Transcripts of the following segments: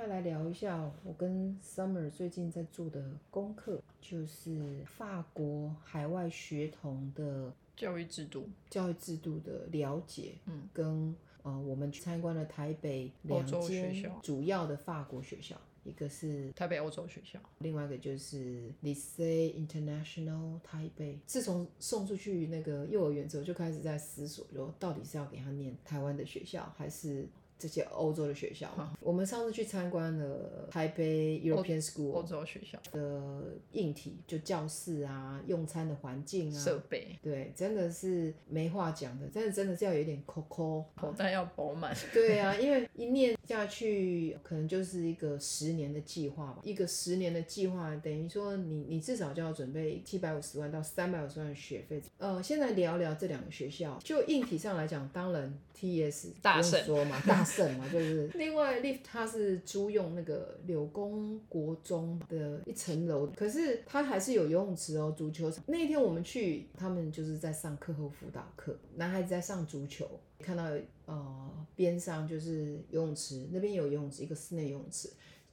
再來聊一下，我跟 Summer 最近在做的功課，就是法國海外學童的教育制度，教育制度的了解。嗯，跟呃，我們參觀了台北兩間主要的法國學校，學校一個是台北歐洲學校，另外一個就是 Lycée International 台北。自從送出去那個幼兒園之後，就開始在思索，說到底是要給他念台灣的學校，還是？這些歐洲的學校，我們上次去參觀了台北 European School 歐洲學校的硬體，就教室啊、用餐的環境啊、設備，對，真的是沒話講的，但是真的是要有點摳摳，口袋要飽滿。對啊，因為一念下去，可能就是一個十年的計劃吧，一個十年的計劃等於說，你你至少就要準備七百五十萬到三百五十萬的學費。呃，先來聊聊這兩個學校，就硬體上來講，當然 T S 大說嘛大。 就是，另外 Lift 它是租用那個柳工國中的一層樓，可是它還是有游泳池哦、足球場。那一天我們去，他們就是在上課後輔導課，男孩子在上足球，看到呃邊上就是游泳池，那邊有游泳池，一個室內游泳池。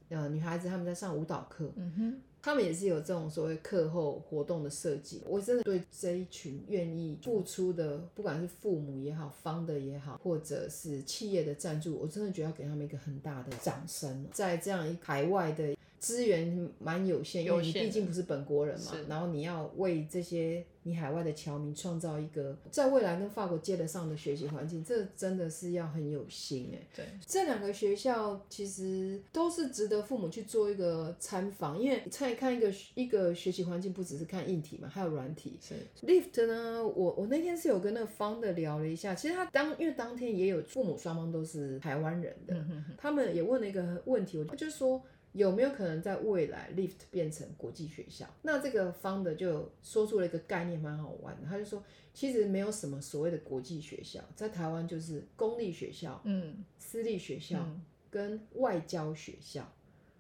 呃女孩子他們在上舞蹈課，嗯哼。他們也是有這種所謂課後活動的設計。我真的對這一群願意付出的，不管是父母也好，方的也好，或者是企業的贊助，我真的覺得要給他們一個很大的掌聲。在這樣一海外的資源蠻有限，因為你畢竟不是本國人嘛，然後你要為這些你海外的僑民創造一個在未來跟法國接得上的學習環境，這真的是要很有心哎。對，這兩個學校其實都是值得父母去做一個參訪，因為蔡。看一個一個學習環境，不只是看硬體嘛，還有軟體。是，Lift 呢？我我那天是有跟那個 founder 聊了一下，其實他當因為當天也有父母雙方都是台灣人的，嗯、哼哼他們也問了一個問題，我就說有沒有可能在未來 Lift 變成國際學校？那這個 founder 就說出了一個概念，蠻好玩的。他就說，其實沒有什麼所謂的國際學校，在台灣就是公立學校、嗯，私立學校、嗯、跟外交學校。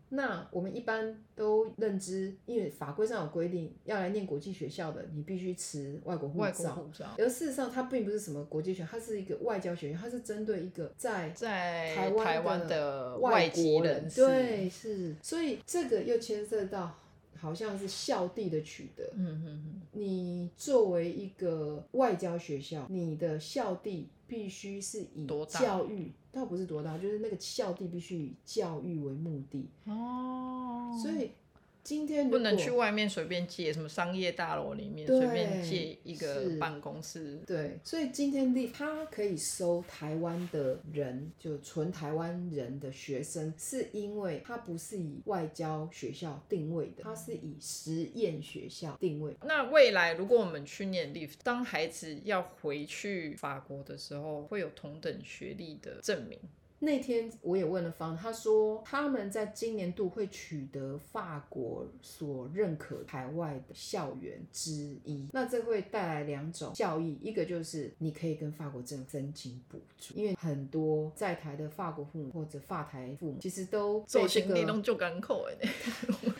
那我們一般都認知，因為法規上有規定，要來念國際學校的，你必須持外國護照，照。而事實上，它並不是什麼國際學校，它是一個外交學校，它是針對一個在在台灣的外國人，外籍人士。對，是。所以這個又牽涉到。好像是校地的取得。嗯嗯嗯。你作為一個外交學校，你的校地必須是以教育，倒不是多大，就是那個校地必須以教育為目的。哦，所以。今天不能去外面隨便借，什麼商業大樓裡面隨便借一個辦公室。對，所以今天 LIF，他可以收台灣的人，就純台灣人的學生，是因為它不是以外交學校定位的，它是以實驗學校定位。那未來如果我們去念 LIF，當孩子要回去法國的時候，會有同等學歷的證明。那天我也問了方，他說他們在今年度會取得法國所認可海外的校園之一。那這會帶來兩種效益，一個就是你可以跟法國政府申請補助，因為很多在台的法國父母或者法台父母其實都、這個、做兄弟弄做港口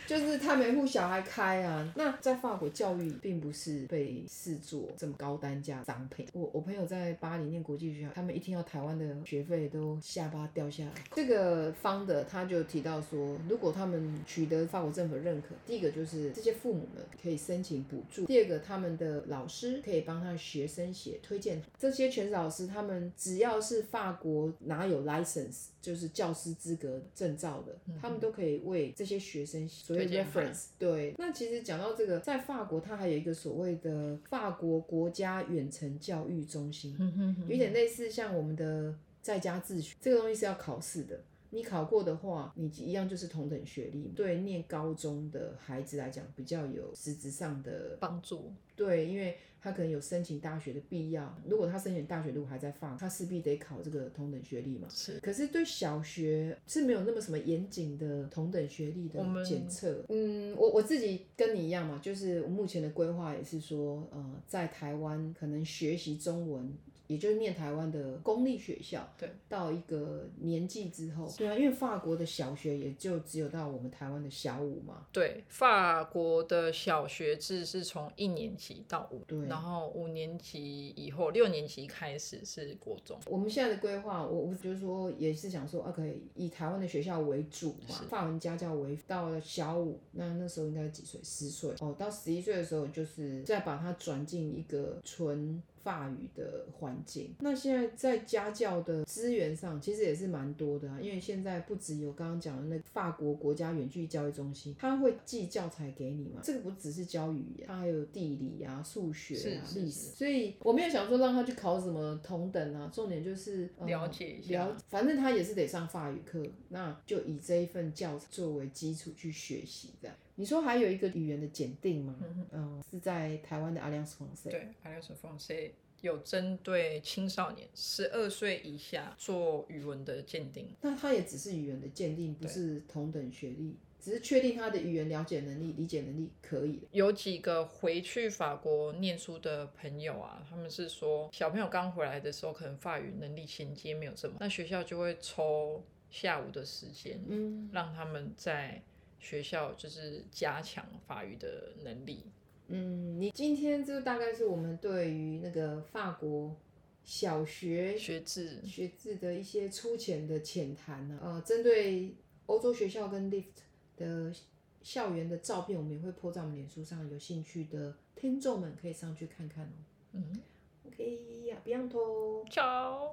就是他沒護小孩開啊。那在法國教育并不是被視作這麼高單價的商品。我我朋友在巴黎念國際學校，他們一聽到台灣的學費都嚇。把它掉下來。這個方的他就提到說，如果他們取得法國政府認可，第一個就是這些父母們可以申請補助；第二個，他們的老師可以幫他們學生寫推薦。這些全職老師，他們只要是法國拿有 license，就是教師資格證照的、嗯，他們都可以為這些學生寫 reference。對。那其實講到這個，在法國，他還有一個所謂的法國國家遠程教育中心，有點類似像我們的。在家自學這個東西是要考試的，你考過的話，你一樣就是同等學歷。對念高中的孩子來講，比較有實質上的幫助。對，因為他可能有申請大學的必要。如果他申請大學，如果還在放，他勢必得考這個同等學歷嘛。是。可是對小學是沒有那麼什麼嚴謹的同等學歷的檢測。嗯，我我自己跟你一樣嘛，就是我目前的規劃也是說，呃，在台灣可能學習中文。也就是念台灣的公立學校，對，到一個年紀之後，對啊，因為法國的小學也就只有到我們台灣的小五嘛，對，法國的小學制是從一年級到五，對，然後五年級以後，六年級開始是國中。我們現在的規劃，我我就是說也是想說，啊，可以以台灣的學校為主嘛，是法文家教為輔，到了小五，那那時候應該幾歲？十歲哦，到十一歲的時候，就是再把它轉進一個純。法語的環境，那現在在家教的資源上，其實也是蠻多的啊，因為現在不只有剛剛講的那個法國國家遠距教育中心，他會寄教材給你嘛，這個不只是教語言啊，他還有地理呀啊、數學啊、歷史，所以我沒有想說讓他去考什麼同等啊，重點就是，呃，了解一下，了解，反正他也是得上法語課，那就以這一份教材作為基礎去學習這樣。你說，還有一個語言的鑑定嗎？嗯，嗯，是在台灣的 Alliance Française。對，Alliance Française 有針對青少年十二歲以下做語文的鑑定。那他也只是語言的鑑定，不是同等學歷，只是確定他的語言了解能力、理解能力可以。有幾個回去法國唸書的朋友啊，他們是說小朋友剛回來的時候，可能法語能力銜接沒有這麼，那學校就會抽下午的時間，嗯，讓他們在。學校就是加強法語的能力。嗯，你今天就大概是我們對於那個法國小學學制學制的一些粗淺的淺談呢。呃，針對歐洲學校跟 LIFT 的校園的照片，我們也會 po 在我們臉書上，有興趣的聽眾們可以上去看看哦、喔。嗯，OK 呀，別樣頭。